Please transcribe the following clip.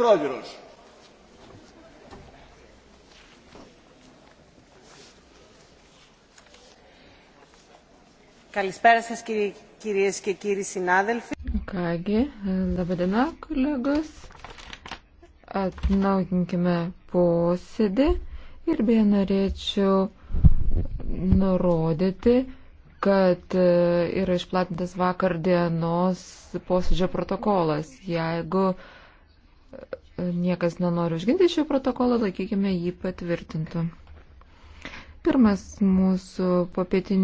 πρόεδρος. Καλησπέρα σας κύριε, κυρίες και κύριοι συνάδελφοι. Kągi, laba diena, kolegos. Atnaukinkime posėdį ir beje norėčiau nurodyti, kad e, yra išplatintas vakar dienos posėdžio protokolas. Jeigu niekas nenori užginti šio protokolo, laikykime jį patvirtintų. Pirmas mūsų popietinis.